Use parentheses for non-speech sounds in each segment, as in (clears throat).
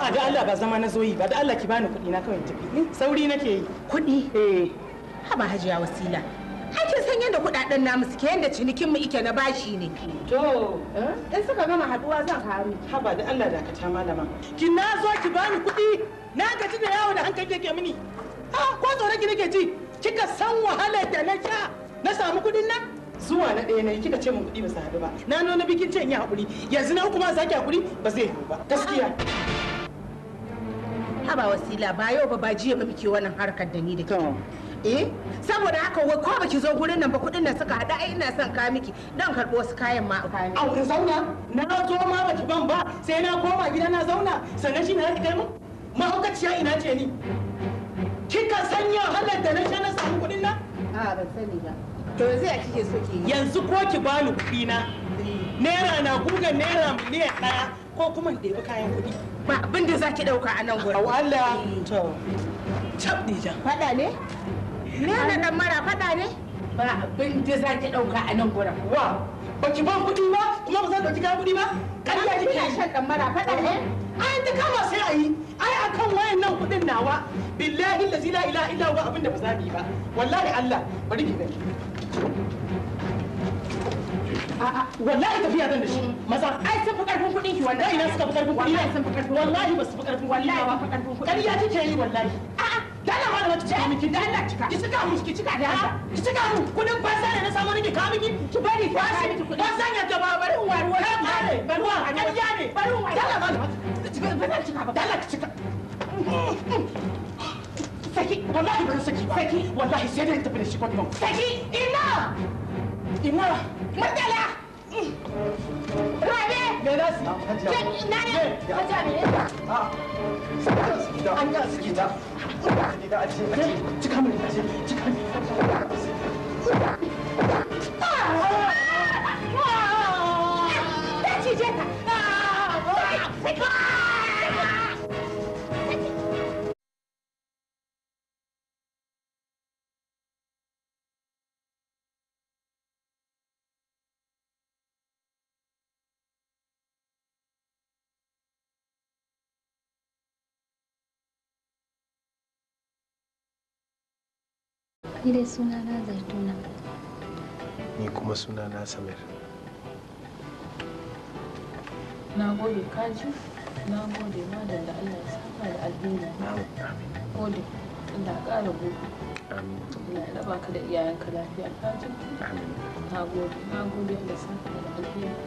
a da Allah ba zama na zoyi ba da Allah ki bani kuɗi na kawai tafi sauri nake yi kuɗi eh haba hajiya wasila kin san yadda kuɗaɗen namu suke yadda cinikin mu ike na bashi ne to eh? in suka gama haɗuwa zan haru haba da Allah da ta malama ki na zo ki bani kuɗi na gaji da yawo da hankali yake mini ha ko tsoron ki nake ji kika san wahalar da na sha na samu kuɗin nan zuwa na ɗaya yi kika ce mun kuɗi ba su haɗu ba na nuna bikin ce in yi haƙuri yanzu na hukuma sake haƙuri ba zai yiwu ba gaskiya haba wasila ba yau ba ba jiya ba muke wannan harkar da ni da ke eh saboda haka wai ko baki zo gurin nan ba kudin nan suka hada ai ina son ka miki dan karbo wasu kayan ma ka miki au zauna na zo ma ki ban ba sai na koma gida na zauna sannan shi na kai mu mahaukaciya ina ce ni kika sanya halar da na sha na samu kudin nan a ban sani ba to yanzu ya kike so ki yanzu ko ki bani kudi na eh. naira na gugan naira miliyan daya ko kuma in ɗebi kayan kudi ba abin da zaki dauka a nan gurin Allah to cabdi jan fada ne ne na dan mara fada ne ba abin da zaki dauka a nan gurin wa ba ki ban kudi ba kuma ba za dauki kayan kudi ba ya ji kina shan dan mara fada ne ai ta kama sai ayi ai akan wayan nan kudin nawa billahi la ilaha illa huwa abin da ba za mu ba wallahi Allah bari ki gani wallahi tafiya zan da shi maza ai sun fi karfin kuɗin ki wallahi na suka fi karfin kuɗi wallahi sun fi karfin wallahi ba su fi karfin wallahi ba fi karfin kuɗi kike yi wallahi a'a dala ma da wata cika miki dala cika ki cika mu ki cika da ki cika mu kuɗin ne na samu nake ka miki ki bari ki kwasa miki kuɗi kwasa ne da ba bari in wari wani bari wa ne bari in wari dala ma da wata dala ki cika saki wallahi saki saki wallahi sai dai tafi da shi kwatman saki ina ina Dangala! Rabe! Me za su yi? Na ne? Hajiya me ne? An yi su gida. Cika mai cika mai. Ni dai suna na Zaituna. Ni kuma suna na Samir. Na gode kaji, na gode ma da Allah ya saka da alheri. Amin. Gode, Allah ƙara gobe. Amin. Allah ya raba ka da iyayenka lafiya kaji. Amin. Na gode, na gode da saka da alheri.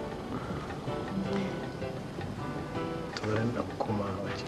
Turan ɗan kuma waje.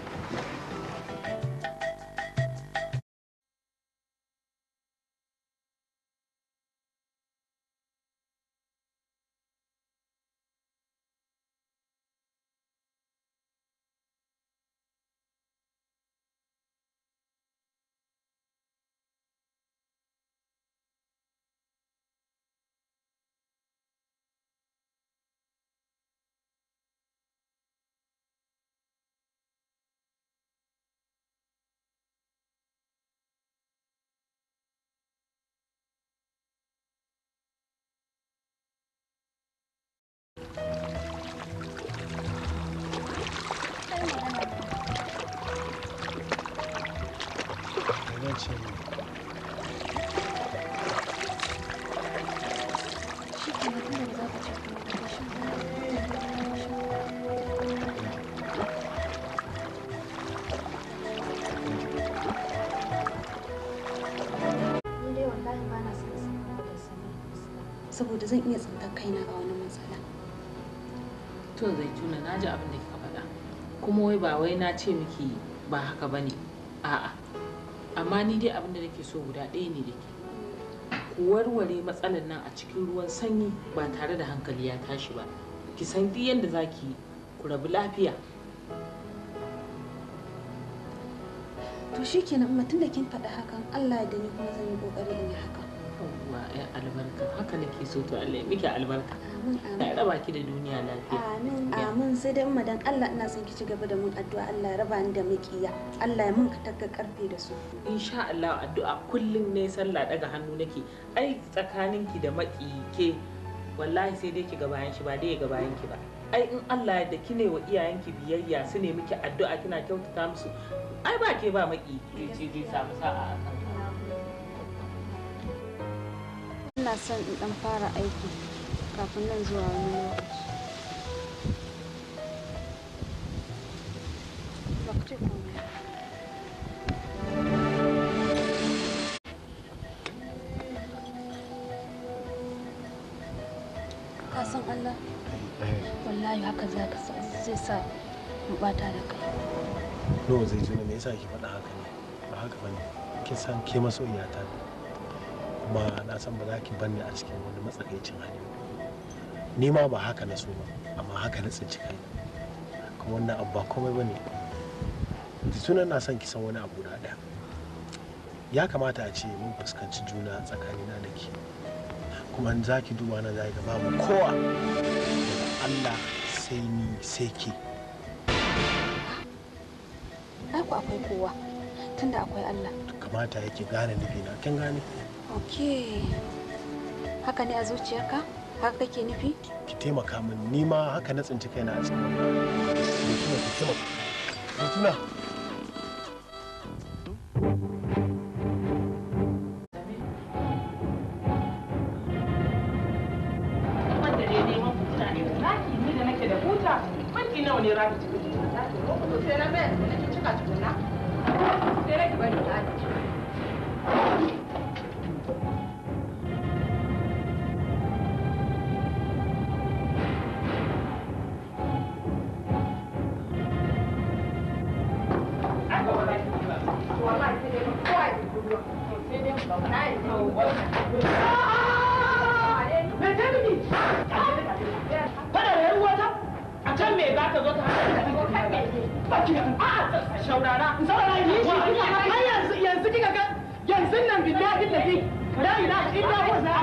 saboda zan iya tsantar kaina ga wani matsala. To zaituna na ji abin da kika faɗa kuma wai ba wai na ce miki ba haka ba ne a'a amma ni dai abin da nake so guda ɗaya ne da ke warware matsalar nan a cikin ruwan sanyi ba tare da hankali ya tashi ba ki san duk yadda za ki ku rabu lafiya to shi kenan tun da kin faɗi hakan allah da ni kuma zan yi ƙoƙari in yi haka yawwa albarka haka nake so to allah ya miki albarka ya raba ki da duniya lafiya amin amin sai dai umma dan Allah ina son ki ci gaba da mun addu'a Allah ya raba ni da makiya Allah ya mun ka tagga karfe da su insha Allah addu'a kullum ne sallah daga hannu nake ai ki da maki ke wallahi sai dai ki ga bayan shi ba dai ga bayan ki ba ai in Allah ya da ki ne wa iyayenki biyayya su ne miki addu'a kina kyautata musu ai ba ke ba maki ki ji samu sa'a ina son in dan fara aiki kafin nan zuwa wani lokaci haka zai sa bata da kai no zai me yasa ki faɗa haka ne ba haka ba ne kin san ke masoyiyata kuma na san ba za ki banni a cikin wani matsakaicin hali ba ni ma ba haka na so ba amma haka na tsinci kai kuma wannan abu ba komai ba ne tunan na son kisan wani abu da ɗaya ya kamata a ce mun fuskanci juna tsakanina da ke kuma za ki duba na za ga babu kowa Allah sai ni sai ke ku akwai kowa tunda akwai Allah kamata yake gane nufina kin gane ok haka ne a zuciyarka? haka kake nufi ki taimaka min ni ma haka na tsinci kaina a cikin Rutuna Thank you.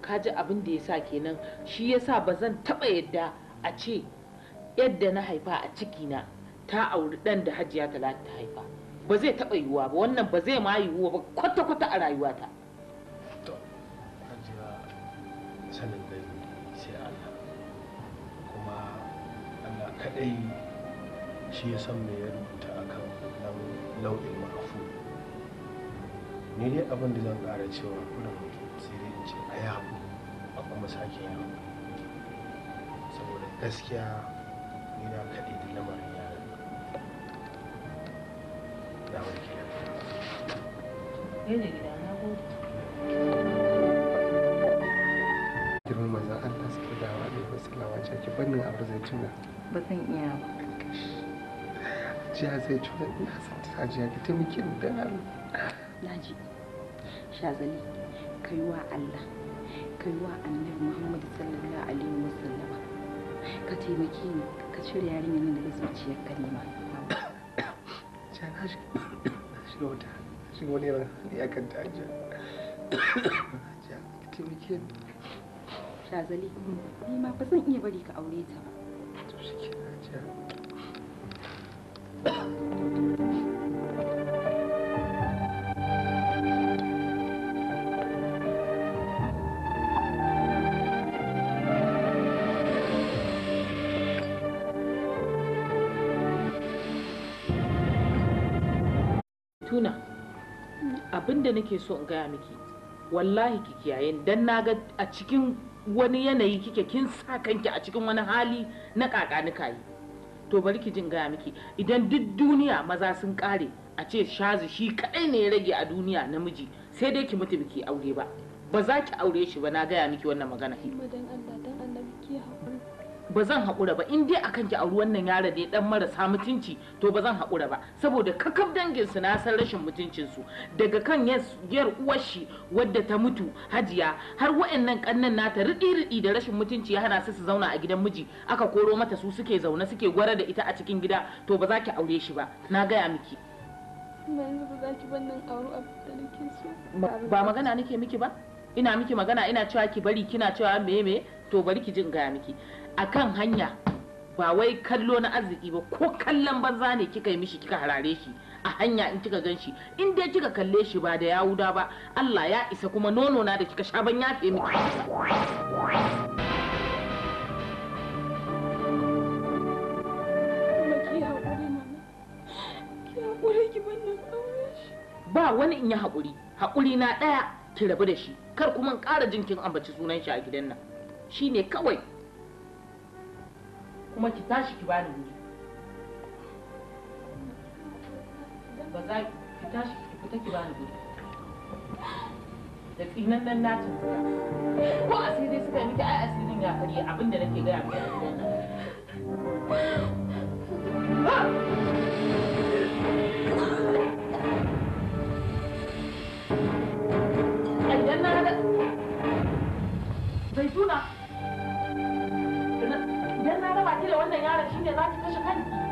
kaji abin da ya sa kenan shi ya sa ba zan taɓa yadda a ce yadda na haifa a cikina ta auri ɗan da hajiya talata ta haifa ba zai taɓa yiwuwa ba wannan ba zai ma yiwuwa ba kwata-kwata a rayuwata. kadai shi ya san me ya rubuta akan nau'in mafu ni dai abin da zan kara cewa kurin sai dai in ce a yaku a kuma sake yaku saboda gaskiya ni na kaɗai da lamarin yaran na wani gida gida na gode girman manzan Allah suke dawa ne wasu lawace ki bannin abu zai tuna ba zan iya ba jiya zai cuta ina ta jiya da naji shazali kai wa Allah kai wa annabi Muhammad sallallahu alaihi wasallam ka taimake ni ka cire yarinyar nan daga zuciyar ka ma jiya na wata wani ta taimake ni shazali ni ma ba zan iya bari ka aure ta ba tuna abin nake so in gaya miki wallahi ki kiyaye dan naga a cikin wani yanayi kike kin sa kanki a cikin wani hali na kakanuka yi to bari ki jin gaya miki idan duk duniya maza sun kare a ce shazu shi kadai ne ya rage a duniya namiji sai dai ki mutu biki aure ba ba za ki aure shi ba na gaya miki wannan magana ba zan haƙura ba in dai akan ki auri wannan yaro ne dan marasa mutunci to ba zan haƙura ba saboda kakaf dangin su na san rashin mutuncin daga kan yar uwar shi wadda ta mutu hajiya har wa'annan kannan nata riɗi riɗi da rashin mutunci ya hana su su zauna a gidan miji aka koro mata su suke zaune suke gwara da ita a cikin gida to ba za ki aure shi ba na gaya miki ba magana nake miki ba ina miki magana ina cewa ki bari kina cewa meye to bari ki jin gaya miki a kan hanya ba wai kallo na arziki ba ko kallon banza ne kika yi mishi kika harare shi a hanya in kika gan shi in dai kika kalle shi ba da yawuda ba Allah ya isa kuma nono na da kika sha ban yafe miki ba wani in yi haƙuri haƙuri na ɗaya ki rabu da shi kar kuma ƙara jinkin ambaci sunan shi a gidan nan shine kawai kuma ki tashi ki bani wuri ba za ki tashi ki fita ki bani wuri da tsinan nan na tambaya ko asiri suka miki ai asirin ya karye abinda nake gaya miki a gidan nan zaituna 等一的清理垃圾，开始你。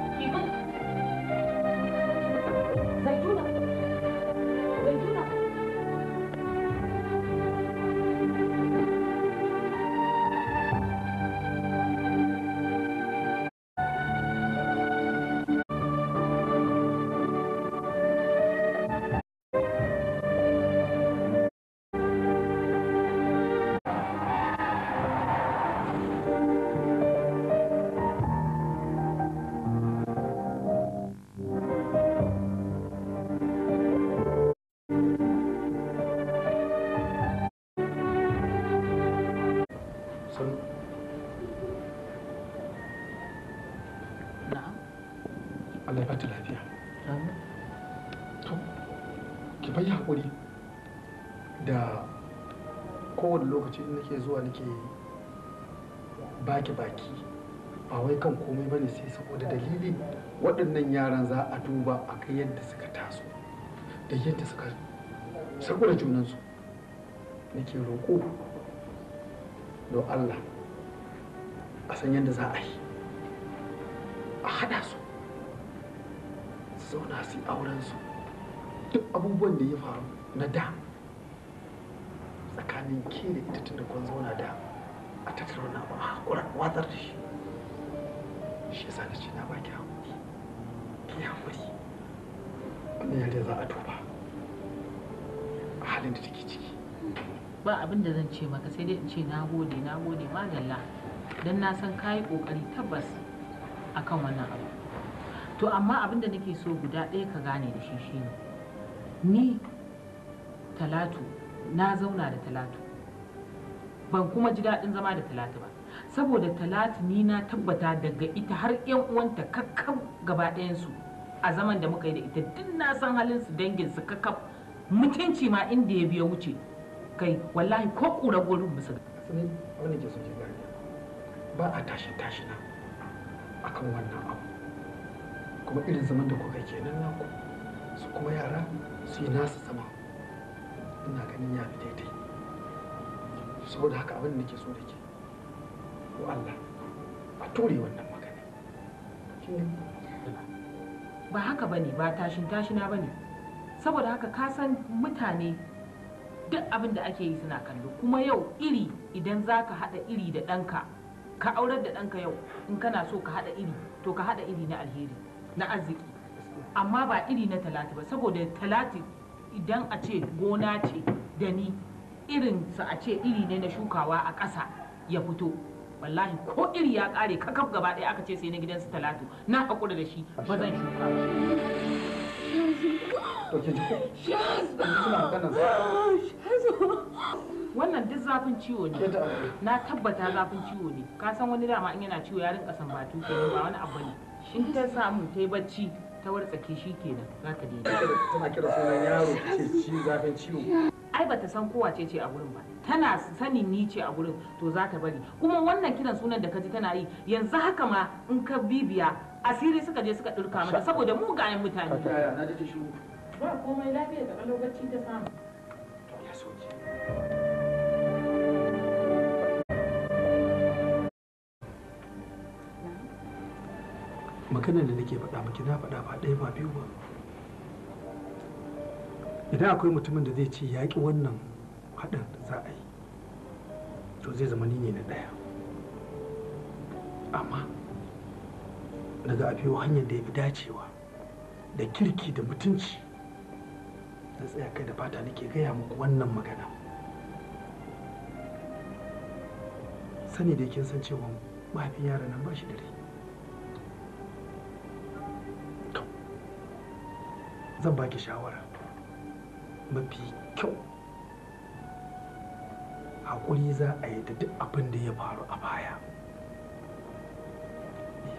lokaci nake zuwa nake baki baki ba wai kan komai bane sai saboda dalili waɗannan yaran za a duba a kai yadda suka taso da yadda suka sakura junansu nake roko don Allah a san yadda za a yi a haɗa su zauna su auren su duk abubuwan da ya faru na da tsakanin ke da ita tun da kun zauna da a na ba a hakura watsar da shi shi yasa na ce na baki hakuri ki hakuri wannan yare za a duba a halin da take ciki ba abin da zan ce maka sai dai in ce na gode na gode madalla don na san kayi kokari tabbas akan wannan abu to amma abin da nake so guda ɗaya ka gane da shi shine ni talatu na zauna da talatu ban kuma ji daɗin zama da talatu ba saboda talatu ni na tabbata daga ita har yan uwanta kakkab gaba ɗayansu a zaman da muka yi da ita duk na san halin su dangin su kakkab mutunci ma inda ya biya wuce kai wallahi ko kura gurin musu wani ke soke ba a tashi tashi na akan wannan abu kuma irin zaman da kuka kenan naku su kuma yara su yi nasu sama ina ganin ya fi daidai saboda haka abin da nake so da ke ko Allah a ture wannan magana ba haka bane ba tashin tashina bane saboda haka ka san mutane duk abin da ake yi suna kallo kuma yau iri idan za ka haɗa iri da ɗanka ka aurar da ɗanka yau in kana so ka haɗa iri to ka haɗa iri na alheri na arziki amma ba iri na talati ba saboda talati idan a ce gona ce da ni irin a ce iri ne na shukawa a ƙasa ya fito wallahi ko iri ya ƙare kakaf gaba ɗaya aka ce sai na gidansu talatu na haƙura da shi ba zan shuka wannan duk zafin ciwo ne na tabbata zafin ciwo ne ka san wani dama in yana ciwo ya rinka sambatu kenan ba wani abu ne in ta samu ta yi bacci ta tsaki shi kenan za ta daidai tana kira sunan yaro ce ci zafin ciwo ai bata san kowa ce ce a gurin ba tana sanin ni ce a gurin to za ta bari kuma wannan kiran sunan da kaji tana yi yanzu haka ma in ka bibiya asiri suka je suka durka mata saboda mugayen mutane ba komai lafiya da lokaci ta samu ya soke maganar da nake faɗa maki na faɗa ba ɗaya ba biyu ba idan akwai mutumin da zai ce ya wannan haɗin za a yi to zai zama ni ne na ɗaya amma daga biyo hanyar da ya fi dacewa da kirki da mutunci na tsaya kai da fata nake gaya muku wannan magana sani da kin san cewa mahaifin yaran nan ba shi da rai zan baki shawara mafi kyau hakuri za a yi da duk abin da ya faru a baya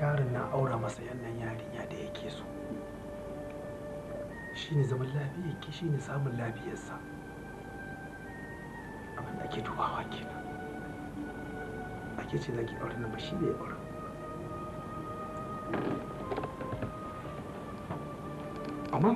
yaron na aura masa yannan yarinya da yake so shi ne zaman lafiya ke shi ne samun lafiyarsa abin da ake dubawa kenan ake ce zaki aure na ba shi ne aure amma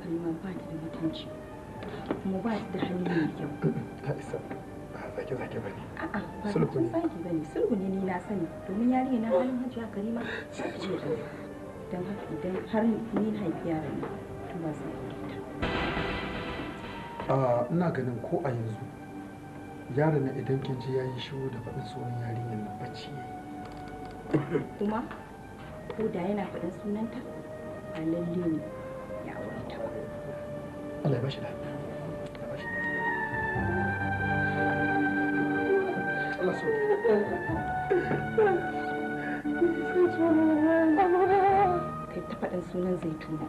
Kalima ba ta da mutunci kuma ba ta da hannu mai kyau Aisha (clears throat) ba zaki zaki ba ne a'a ba zaki zaki ba ne sulhu ne ni na sani domin yari na halin hajiya Karima za ta ce dan haka idan har ni na haifi yaran ne, to ba zan a ina ganin ko a yanzu yaron na idan kin ji yayi shiru da faɗin sunan yarinyar nan bacci yayi kuma ko da yana faɗin sunanta a lalle ne ta ta faɗin sunan zaituna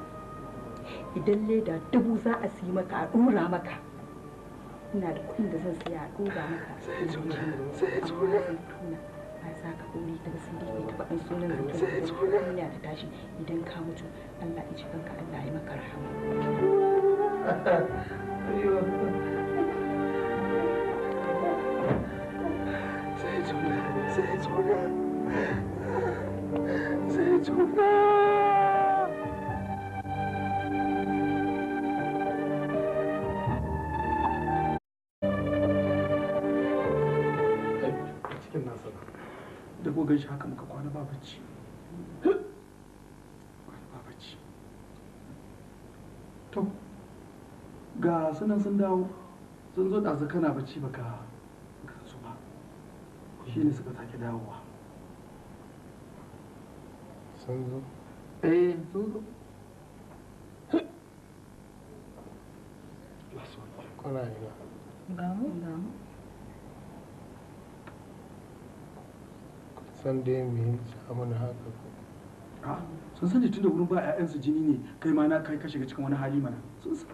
idan leda dubu za a siya maka a ɗora maka ina da kuɗin da zan siya a ɗora maka sai zaituna na sa ka aure daga sun da ke taɓa sunan da ke hanya tashi idan ka mutu Allah ya kanka Allah ya maka rahama. Sai juna, da ko ganshi haka muka kwana ba bacci kwana ba bacci to ga sunan sun dawo sun zo ɗazu kana bacci baka ka su ba shi ne suka sake dawowa sun zo eh sun zo Kwana ina. Damu? Damu. san dai me samun haka ko ah, sun sani tun da wurin ba ƴaƴansu jini ne kai ma na kai ka shiga cikin wani hali mana sun sani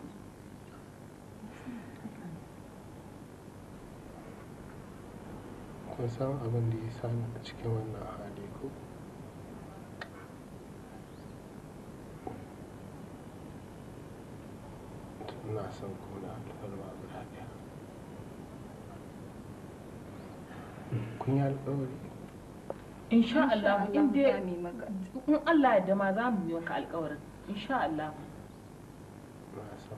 kun san abin da ya sani a cikin wannan hali ko na san kuna alfarma abu lafiya kun yi alƙawari insha Allah in in Allah ya dama za mu yi maka alƙawarin insha Allah ba san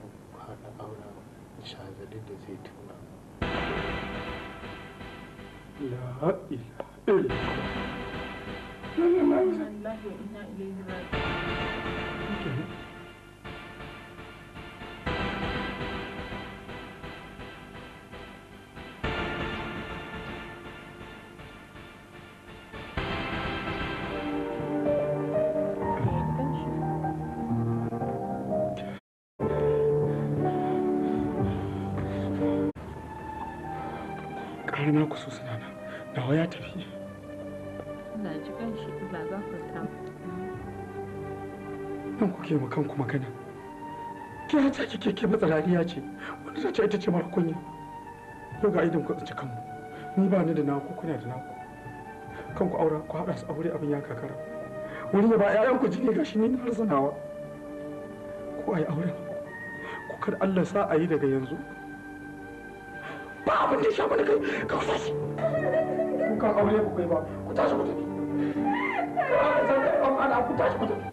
ai na kuso suna nan nawa ya tafi ina ji kan shi ba za ku ta nan kuke ma kanku magana ke ya ta kike ke matsarariya ce wani ta ce ita ce mara kunya yau ga idan ku tsince kanmu ni ba ni da naku kuna da naku kanku aura ku haɗa su aure abin ya kakara wani ya ba ku jini gashi ni na razanawa ko ai auren ku kar Allah sa a yi daga yanzu ba abin da ya kai ka kusa shi ku kai ba ku tashi ku tafi ku tashi ku tafi